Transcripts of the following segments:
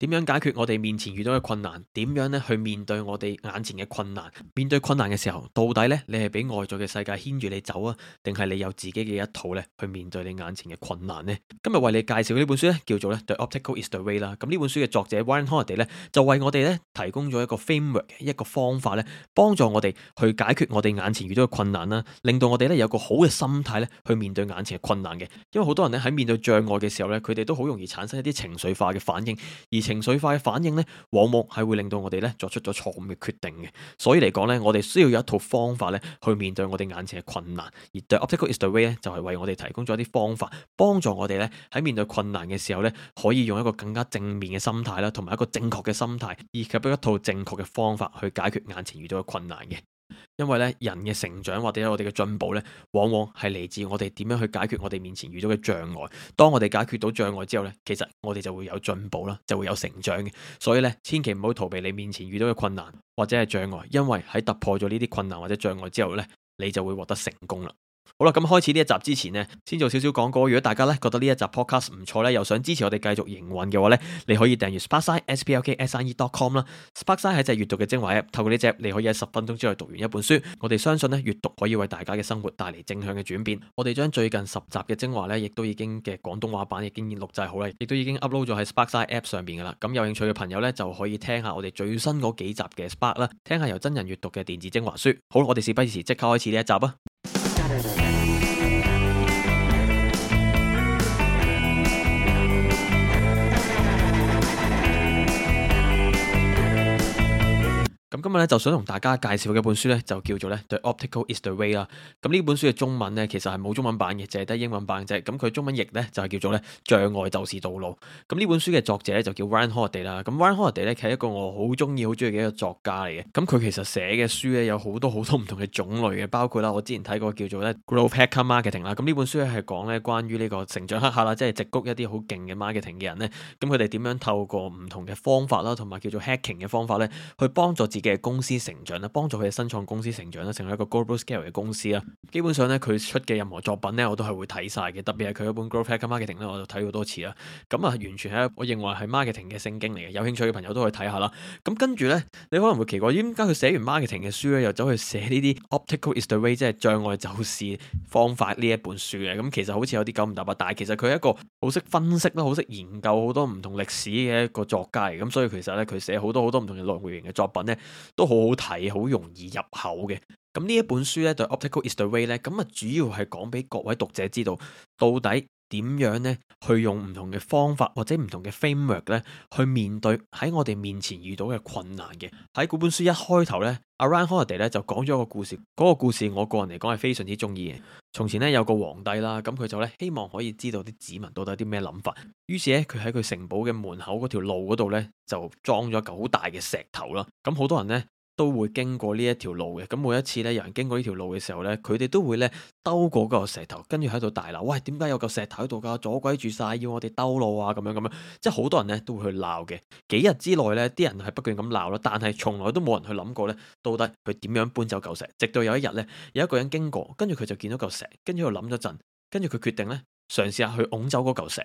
點樣解決我哋面前遇到嘅困難？點樣咧去面對我哋眼前嘅困難？面對困難嘅時候，到底咧你係俾外在嘅世界牽住你走啊，定係你有自己嘅一套咧去面對你眼前嘅困難呢？今日為你介紹呢本書咧，叫做咧《The Obstacle Is The Way》啦。咁呢本書嘅作者 Ryan Holiday 咧，就為我哋咧提供咗一個 framework 一個方法咧，幫助我哋去解決我哋眼前遇到嘅困難啦，令到我哋咧有個好嘅心態咧去面對眼前嘅困難嘅。因為好多人咧喺面對障礙嘅時候咧，佢哋都好容易產生一啲情緒化嘅反應而。情緒化嘅反應咧，往往係會令到我哋咧作出咗錯誤嘅決定嘅。所以嚟講咧，我哋需要有一套方法咧，去面對我哋眼前嘅困難。而《The Optical is the way》咧，就係、是、為我哋提供咗一啲方法，幫助我哋咧喺面對困難嘅時候咧，可以用一個更加正面嘅心態啦，同埋一個正確嘅心態，以及一套正確嘅方法去解決眼前遇到嘅困難嘅。因為咧，人嘅成長或者我哋嘅進步咧，往往係嚟自我哋點樣去解決我哋面前遇到嘅障礙。當我哋解決到障礙之後咧，其實我哋就會有進步啦，就會有成長嘅。所以咧，千祈唔好逃避你面前遇到嘅困難或者係障礙，因為喺突破咗呢啲困難或者障礙之後咧，你就會獲得成功啦。好啦，咁開始呢一集之前呢，先做少少廣告。如果大家呢覺得呢一集 podcast 唔錯呢，又想支持我哋繼續營運嘅話呢，你可以訂閱 s p a r k s i sparksine.com l 啦。SparkSine 係隻閱讀嘅精華 app，透過呢隻你可以喺十分鐘之內讀完一本書。我哋相信呢閱讀可以為大家嘅生活帶嚟正向嘅轉變。我哋將最近十集嘅精華呢，亦都已經嘅廣東話版已經錄製好啦，亦都已經 upload 咗喺 SparkSine app 上邊噶啦。咁有興趣嘅朋友呢，就可以聽下我哋最新嗰幾集嘅 Spark 啦，聽下由真人閱讀嘅電子精華書。好，我哋事不宜遲即刻開始呢一集啊！今日咧就想同大家介紹嘅一本書咧，就叫做咧《The Optical Is The Way》啦。咁呢本書嘅中文咧，其實係冇中文版嘅，淨係得英文版啫。咁佢中文譯咧就係叫做咧《障礙就是道路》。咁呢本書嘅作者咧就叫 Ryan Holiday 啦。咁 Ryan Holiday 咧係一個我好中意、好中意嘅一個作家嚟嘅。咁佢其實寫嘅書咧有好多好多唔同嘅種類嘅，包括啦，我之前睇過叫做咧《Growth Hacker Marketing》啦。咁呢本書咧係講咧關於呢個成長黑客啦，即係直谷一啲好勁嘅 marketing 嘅人咧，咁佢哋點樣透過唔同嘅方法啦，同埋叫做 hacking 嘅方法咧，去幫助自己。公司成長啦，幫助佢嘅新創公司成長啦，成為一個 global scale 嘅公司啦。基本上咧，佢出嘅任何作品咧，我都係會睇晒嘅。特別係佢一本 Growth Hacker Marketing 咧，我就睇好多次啦。咁啊，完全係我認為係 marketing 嘅聖經嚟嘅。有興趣嘅朋友都可以睇下啦。咁跟住咧，你可能會奇怪點解佢寫完 marketing 嘅書咧，又去寫走去寫呢啲 Obstacle is the Way，即係障礙就係方法呢一本書嘅？咁其實好似有啲九唔搭八，但係其實佢係一個好識分析啦，好識研究好多唔同歷史嘅一個作家嚟。咁所以其實咧，佢寫好多好多唔同嘅類型嘅作品咧。都好好睇，好容易入口嘅。咁呢一本書咧，對 Optical is the Way 咧，咁啊主要係講俾各位讀者知道，到底，點樣咧去用唔同嘅方法或者唔同嘅 framework 咧去面對喺我哋面前遇到嘅困難嘅？喺嗰本書一開頭咧 Ryan Holiday 咧就講咗個故事，嗰、這個故事我個人嚟講係非常之中意嘅。從前咧有個皇帝啦，咁佢就咧希望可以知道啲子民到底啲咩諗法，於是咧佢喺佢城堡嘅門口嗰條路嗰度咧就裝咗嚿好大嘅石頭啦，咁好多人咧。都會經過呢一條路嘅，咁每一次咧有人經過呢條路嘅時候呢，佢哋都會咧兜過嗰個石頭，跟住喺度大鬧，喂，點解有嚿石頭喺度噶？阻鬼住晒，要我哋兜路啊！咁樣咁樣，即係好多人咧都會去鬧嘅。幾日之內呢啲人係不斷咁鬧啦，但係從來都冇人去諗過呢，到底佢點樣搬走嚿石？直到有一日呢，有一個人經過，跟住佢就見到嚿石，跟住喺度諗咗陣，跟住佢決定呢，嘗試下去拱走嗰嚿石。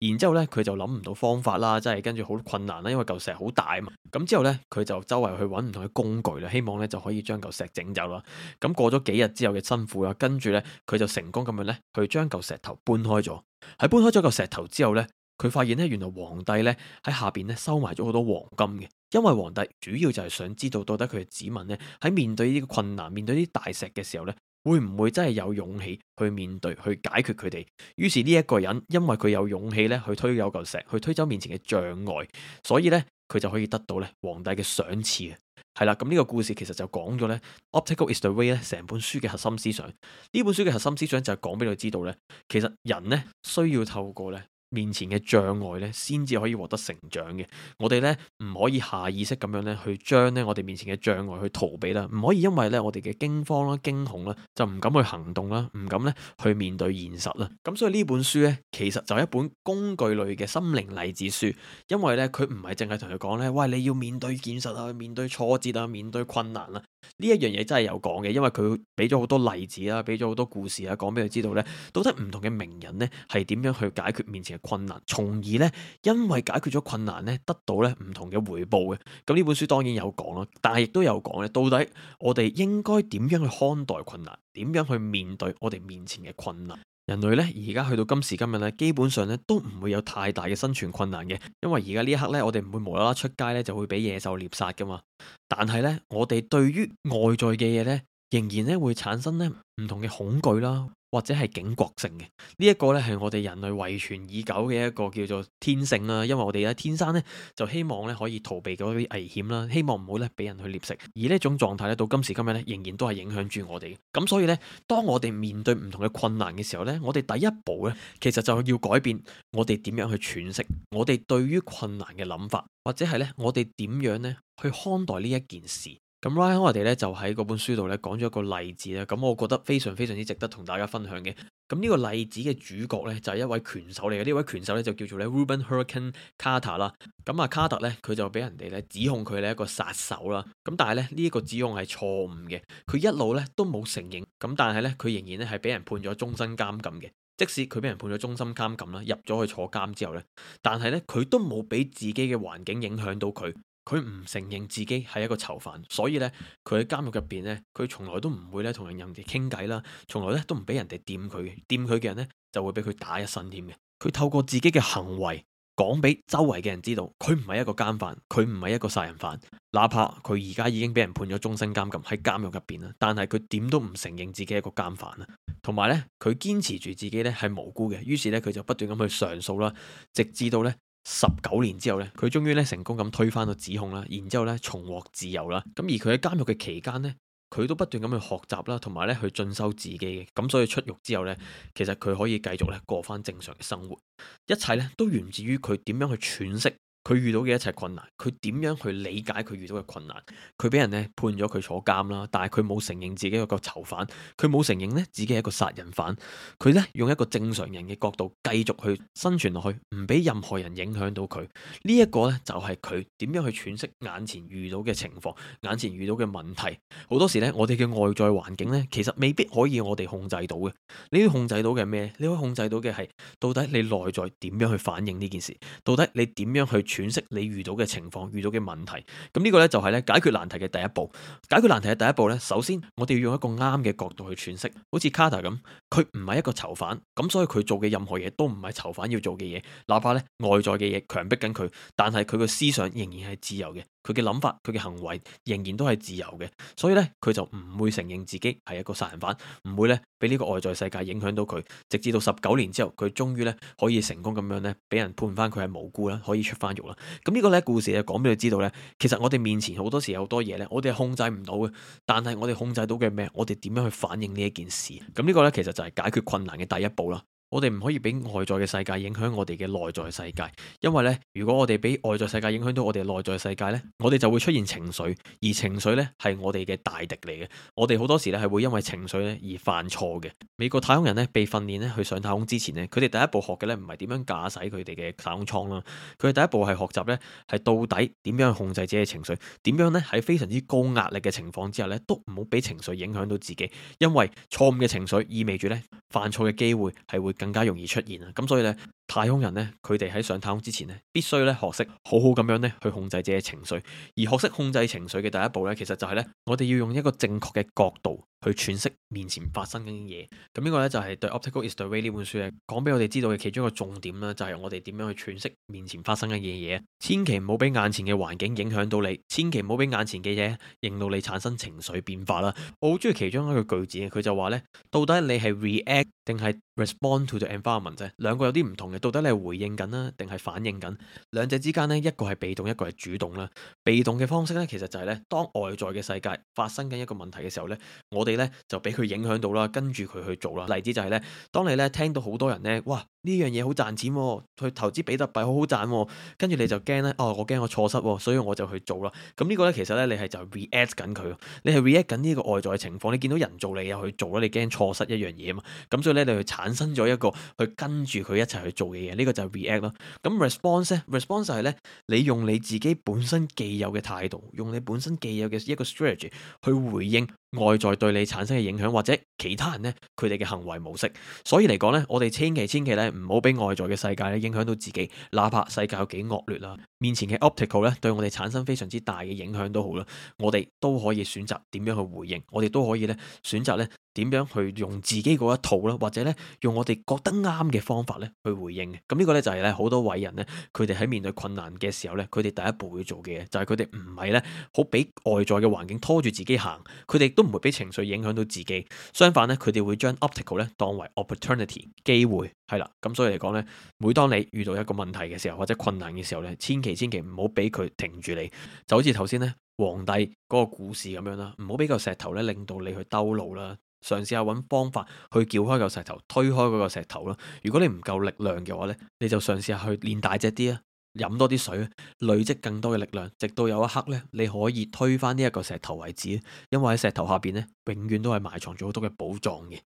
然之後咧，佢就諗唔到方法啦，即係跟住好困難啦，因為嚿石好大啊嘛。咁之後咧，佢就周圍去揾唔同嘅工具啦，希望咧就可以將嚿石整走啦。咁過咗幾日之後嘅辛苦啦，跟住咧，佢就成功咁樣咧，去將嚿石頭搬開咗。喺搬開咗嚿石頭之後咧，佢發現咧，原來皇帝咧喺下邊咧收埋咗好多黃金嘅，因為皇帝主要就係想知道到底佢嘅子民咧，喺面對呢啲困難、面對呢啲大石嘅時候咧。會唔會真係有勇氣去面對、去解決佢哋？於是呢一、這個人因為佢有勇氣咧去推有嚿石、去推走面前嘅障礙，所以咧佢就可以得到咧皇帝嘅賞賜啊！係啦，咁呢個故事其實就講咗咧《Optical is the Way》咧，成本書嘅核心思想。呢本書嘅核心思想就係講俾佢知道咧，其實人咧需要透過咧。面前嘅障礙咧，先至可以獲得成長嘅。我哋咧唔可以下意識咁樣咧去將咧我哋面前嘅障礙去逃避啦，唔可以因為咧我哋嘅驚慌啦、驚恐啦，就唔敢去行動啦，唔敢咧去面對現實啦。咁所以呢本書咧，其實就一本工具類嘅心靈勵志書，因為咧佢唔係淨係同你講咧，喂，你要面對現實啊，面對挫折啊，面對困難啊。呢一樣嘢真係有講嘅，因為佢俾咗好多例子啦，俾咗好多故事啊，講俾佢知道呢，到底唔同嘅名人呢係點樣去解決面前嘅困難，從而呢，因為解決咗困難呢，得到呢唔同嘅回報嘅。咁呢本書當然有講咯，但係亦都有講咧，到底我哋應該點樣去看待困難，點樣去面對我哋面前嘅困難。人類呢，而家去到今時今日呢，基本上呢都唔會有太大嘅生存困難嘅，因為而家呢一刻呢，我哋唔會無啦啦出街呢就會俾野獸獵殺噶嘛。但係呢，我哋對於外在嘅嘢呢，仍然呢會產生呢唔同嘅恐懼啦。或者係警覺性嘅呢一個呢，係我哋人類遺傳已久嘅一個叫做天性啦。因為我哋咧天生呢，就希望呢可以逃避嗰啲危險啦，希望唔好呢俾人去獵食。而呢一種狀態咧，到今時今日呢，仍然都係影響住我哋嘅。咁所以呢，當我哋面對唔同嘅困難嘅時候呢，我哋第一步呢，其實就要改變我哋點樣去詮釋我哋對於困難嘅諗法，或者係呢，我哋點樣呢去看待呢一件事。咁 Ryan Holiday，我哋咧就喺嗰本書度咧講咗一個例子咧，咁、嗯、我覺得非常非常之值得同大家分享嘅。咁、嗯、呢、這個例子嘅主角咧就係、是、一位拳手嚟嘅，呢位拳手咧就叫做咧 Rubin Hurricane Carter 啦、啊。咁啊，Carter 咧佢就俾人哋咧指控佢咧一個殺手啦。咁、啊、但係咧呢一、這個指控係錯誤嘅，佢一路咧都冇承認。咁但係咧佢仍然咧係俾人判咗終身監禁嘅。即使佢俾人判咗終身監禁啦，入咗去坐監之後咧，但係咧佢都冇俾自己嘅環境影響到佢。佢唔承認自己係一個囚犯，所以呢，佢喺監獄入邊呢，佢從來都唔會咧同人人哋傾偈啦，從來咧都唔俾人哋掂佢，掂佢嘅人呢，就會俾佢打一身添嘅。佢透過自己嘅行為講俾周圍嘅人知道，佢唔係一個監犯，佢唔係一個殺人犯，哪怕佢而家已經俾人判咗終身監禁喺監獄入邊啦，但係佢點都唔承認自己係一個監犯啦，同埋呢，佢堅持住自己咧係無辜嘅，於是呢，佢就不斷咁去上訴啦，直至到呢。十九年之後呢，佢終於咧成功咁推翻到指控啦，然之後咧重獲自由啦。咁而佢喺監獄嘅期間呢，佢都不斷咁去學習啦，同埋咧去進修自己嘅。咁所以出獄之後呢，其實佢可以繼續咧過翻正常嘅生活，一切咧都源自於佢點樣去詮釋佢遇到嘅一切困難，佢點樣去理解佢遇到嘅困難？佢俾人咧判咗佢坐監啦，但係佢冇承認自己係個囚犯，佢冇承認咧自己係一個殺人犯。佢咧用一個正常人嘅角度繼續去生存落去，唔俾任何人影響到佢。這個、呢一個咧就係佢點樣去詮釋眼前遇到嘅情況、眼前遇到嘅問題。好多時咧，我哋嘅外在環境咧，其實未必可以我哋控制到嘅。你要控制到嘅咩？你可以控制到嘅係到底你內在點樣去反應呢件事？到底你點樣去？詮釋你遇到嘅情況、遇到嘅問題，咁呢個呢，就係呢解決難題嘅第一步。解決難題嘅第一步呢，首先我哋要用一個啱嘅角度去詮釋，好似卡特咁，佢唔係一個囚犯，咁所以佢做嘅任何嘢都唔係囚犯要做嘅嘢，哪怕呢外在嘅嘢強迫緊佢，但係佢嘅思想仍然係自由嘅。佢嘅諗法，佢嘅行為仍然都係自由嘅，所以呢，佢就唔會承認自己係一個殺人犯，唔會呢，俾呢個外在世界影響到佢，直至到十九年之後，佢終於呢，可以成功咁樣呢，俾人判翻佢係無辜啦，可以出翻獄啦。咁呢個呢故事就講俾你知道呢，其實我哋面前好多時有好多嘢呢，我哋係控制唔到嘅，但係我哋控制到嘅咩？我哋點樣去反應呢一件事？咁呢個呢，其實就係解決困難嘅第一步啦。我哋唔可以俾外在嘅世界影響我哋嘅內在世界，因為呢，如果我哋俾外在世界影響到我哋內在世界呢，我哋就會出現情緒，而情緒呢，係我哋嘅大敵嚟嘅。我哋好多時呢，係會因為情緒呢而犯錯嘅。美國太空人呢，被訓練呢去上太空之前呢，佢哋第一步學嘅呢，唔係點樣駕駛佢哋嘅太空艙啦，佢哋第一步係學習呢，係到底點樣控制自己嘅情緒，點樣呢，喺非常之高壓力嘅情況之下呢，都唔好俾情緒影響到自己，因為錯誤嘅情緒意味住呢，犯錯嘅機會係會。更加容易出現啊，咁，所以咧。太空人呢，佢哋喺上太空之前呢，必須咧學識好好咁樣呢去控制自己情緒。而學識控制情緒嘅第一步呢，其實就係呢我哋要用一個正確嘅角度去詮釋面前發生緊嘅嘢。咁呢個呢，就係對《Optical is the way》呢本書咧講俾我哋知道嘅其中一個重點啦，就係我哋點樣去詮釋面前發生緊嘅嘢。千祈唔好俾眼前嘅環境影響到你，千祈唔好俾眼前嘅嘢令到你產生情緒變化啦。我好中意其中一個句子佢就話呢，到底你係 react 定係 respond to the environment 啫？兩個有啲唔同嘅。到底你係回應緊啦，定係反應緊？兩者之間呢，一個係被動，一個係主動啦。被動嘅方式呢，其實就係呢，當外在嘅世界發生緊一個問題嘅時候呢，我哋呢就俾佢影響到啦，跟住佢去做啦。例子就係呢，當你呢聽到好多人呢：「哇，呢樣嘢好賺錢喎，佢投資比特幣好好賺喎，跟住你就驚呢，哦我驚我錯失喎，所以我就去做啦。咁呢個呢，其實呢，你係就係 react 緊佢，你係 react 緊呢個外在嘅情況。你見到人做你又去做啦，你驚錯失一樣嘢啊嘛。咁所以呢，你就產生咗一個去跟住佢一齊去做。嘅嘢，呢個就係 react 咯。咁 response 咧，response 就係咧，你用你自己本身既有嘅態度，用你本身既有嘅一個 strategy 去回應。外在對你產生嘅影響，或者其他人咧，佢哋嘅行為模式，所以嚟講呢，我哋千祈千祈咧唔好俾外在嘅世界咧影響到自己，哪怕世界有幾惡劣啦、啊，面前嘅 optical 咧對我哋產生非常之大嘅影響都好啦，我哋都可以選擇點樣去回應，我哋都可以咧選擇咧點樣去用自己嗰一套啦，或者咧用我哋覺得啱嘅方法咧去回應。咁呢個咧就係咧好多偉人咧，佢哋喺面對困難嘅時候咧，佢哋第一步會做嘅嘢就係，佢哋唔係咧好俾外在嘅環境拖住自己行，佢哋。都唔會俾情緒影響到自己，相反咧，佢哋會將 obstacle 咧當為 opportunity 機會係啦，咁所以嚟講咧，每當你遇到一個問題嘅時候或者困難嘅時候咧，千祈千祈唔好俾佢停住你，就好似頭先咧皇帝嗰個故事咁樣啦，唔好俾嚿石頭咧令到你去兜路啦，嘗試下揾方法去撬開嚿石頭，推開嗰個石頭啦。如果你唔夠力量嘅話呢，你就嘗試下去練大隻啲啊！飲多啲水，累積更多嘅力量，直到有一刻咧，你可以推翻呢一個石頭為止。因為喺石頭下邊咧，永遠都係埋藏咗好多嘅寶藏嘅。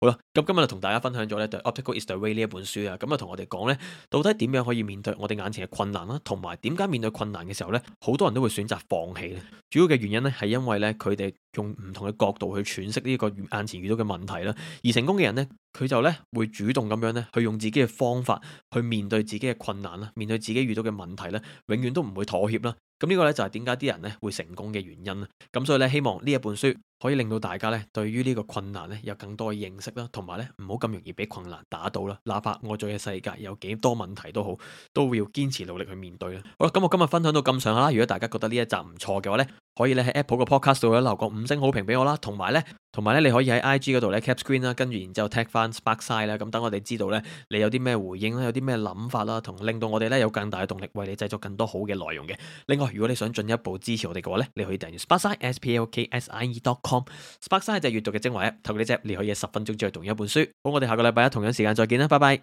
好啦，咁今日就同大家分享咗呢就《Obstacle Is the Way》呢一本書啊，咁啊同我哋講呢，到底點樣可以面對我哋眼前嘅困難啦，同埋點解面對困難嘅時候呢，好多人都會選擇放棄呢？主要嘅原因呢，係因為呢佢哋。用唔同嘅角度去詮釋呢一個眼前遇到嘅問題啦，而成功嘅人呢，佢就呢會主動咁樣呢去用自己嘅方法去面對自己嘅困難啦，面對自己遇到嘅問題呢，永遠都唔會妥協啦。咁呢個呢，就係點解啲人呢會成功嘅原因啦。咁所以呢，希望呢一本書可以令到大家呢對於呢個困難呢有更多嘅認識啦，同埋呢唔好咁容易俾困難打到啦。哪怕外在嘅世界有幾多問題都好，都會要堅持努力去面對啦。好啦，咁我今日分享到咁上下啦。如果大家覺得呢一集唔錯嘅話呢，可以咧喺 Apple 個 Podcast 度咧留個五星好評俾我啦，同埋咧，同埋咧，你可以喺 IG 嗰度咧 cap screen 啦，跟住然之後 tag 返 Sparkside 啦，咁等我哋知道咧你有啲咩回應啦，有啲咩諗法啦，同令到我哋咧有更大嘅動力為你製作更多好嘅內容嘅。另外，如果你想進一步支持我哋嘅話咧，你可以訂閱 Sparkside SP l k s i e dot com。Sparkside 就係閱讀嘅精華 App，透過呢隻你可以十分鐘再讀一本書。好，我哋下個禮拜一同樣時間再見啦，拜拜。